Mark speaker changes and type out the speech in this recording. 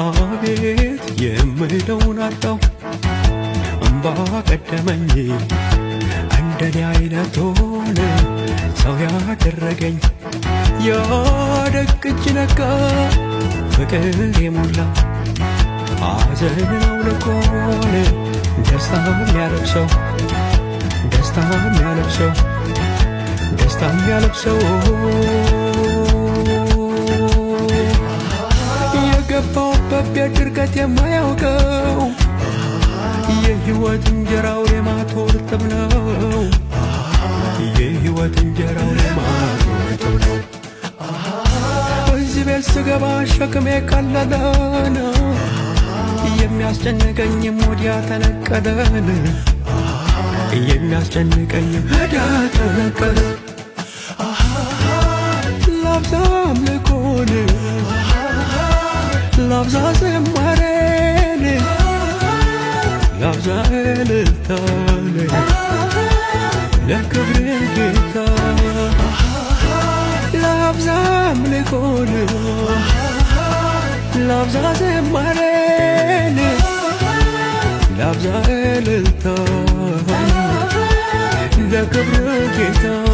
Speaker 1: አቤት የምለውን አጣው እምባ ቀደመኝ እንደኔ አይነቱን ሰው ያደረገኝ ያደቅጅ ነቃ ፍቅር የሞላ አዘን አውልቆን ደስታ የሚያለብሰው ደስታ የሚያለብሰው ደስታ የሚያለብሰው የኢትዮጵያ ድርቀት የማያውቀው የህይወት እንጀራው ሬማቶ እርጥብ ነው። የህይወት እንጀራው ሬማቶ እርጥብ ነው። በዚህ ቤት ስገባ ሸክሜ ቀለለ ነው። የሚያስጨንቀኝም ወዲያ ተነቀለን የሚያስጨንቀኝም ወዲያ ተነቀለን ላብዛ ዝማሬን ላብዛ እልልታን ለክብር ጌታ ላብዛ አምልኮን ላብዛ ዝማሬን ላብዛ እልልታን ለክብር ጌታ